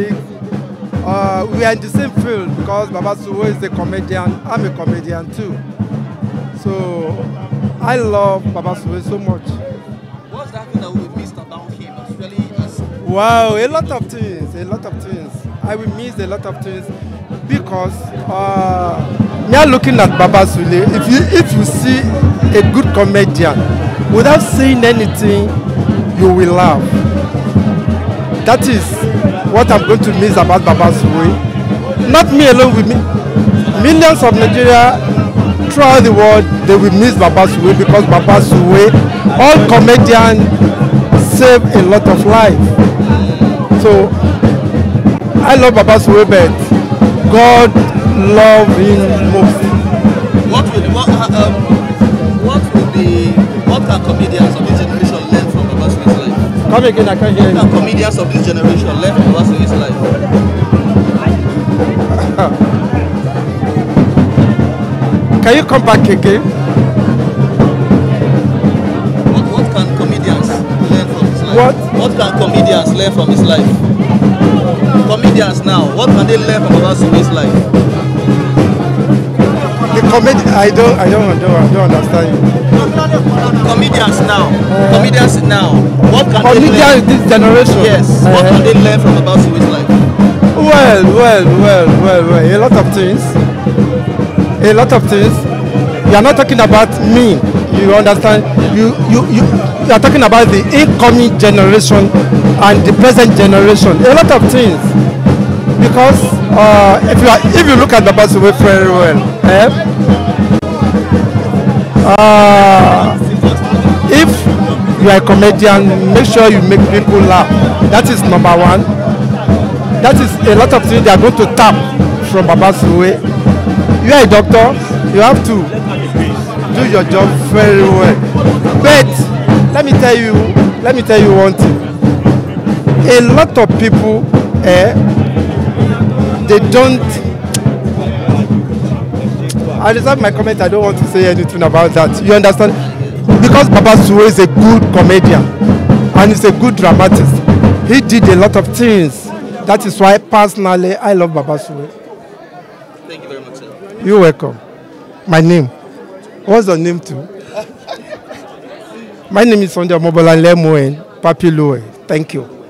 Uh, we are in the same field because Baba Suwo is a comedian. I'm a comedian too. So I love Baba Suwo so much. What's that thing that we missed about him? Really is... Wow, a lot of things, a lot of things. I will miss a lot of things because uh, now looking at Baba Sule, if you, if you see a good comedian, without saying anything, you will laugh. That is what I'm going to miss about Baba's way. Not me alone with me. Millions of Nigeria throughout the world, they will miss Baba Suwe because Baba Suwe, all comedians save a lot of life. So, I love Baba Suwe, but God love him most. What will, what, uh, um, what will be, what are comedians Come again, I can't hear you. Comedians of this generation left Obasanjo's life. can you come back again? What, what can comedians learn from his life? What? What can comedians learn from his life? Comedians now, what can they learn from Obasanjo's life? comedy I don't I don't I don't, I don't understand you. Comedians now. Uh, comedians now. What can comedians they this generation. Yes. Uh, what uh-huh. can they learn from about Sweet Life? Well, well, well, well, well. A lot of things. A lot of things. You are not talking about me. You understand? You you you. You are talking about the incoming generation and the present generation. A lot of things because uh, if you are, if you look at the bus way very well, eh? uh, if you are a comedian, make sure you make people laugh. That is number one. That is a lot of things they are going to tap from Baba Suwe. You are a doctor, you have to do your job very well. But let me tell you, let me tell you one thing. A lot of people, eh, they don't. I reserve my comment. I don't want to say anything about that. You understand? Because Baba Suwe is a good comedian and he's a good dramatist. He did a lot of things. That is why personally I love Baba Suwe. Thank you very much, sir. You're welcome. My name. What's your name too? my name is Sonja Mobola Lemoen Papi Lowe. Thank you.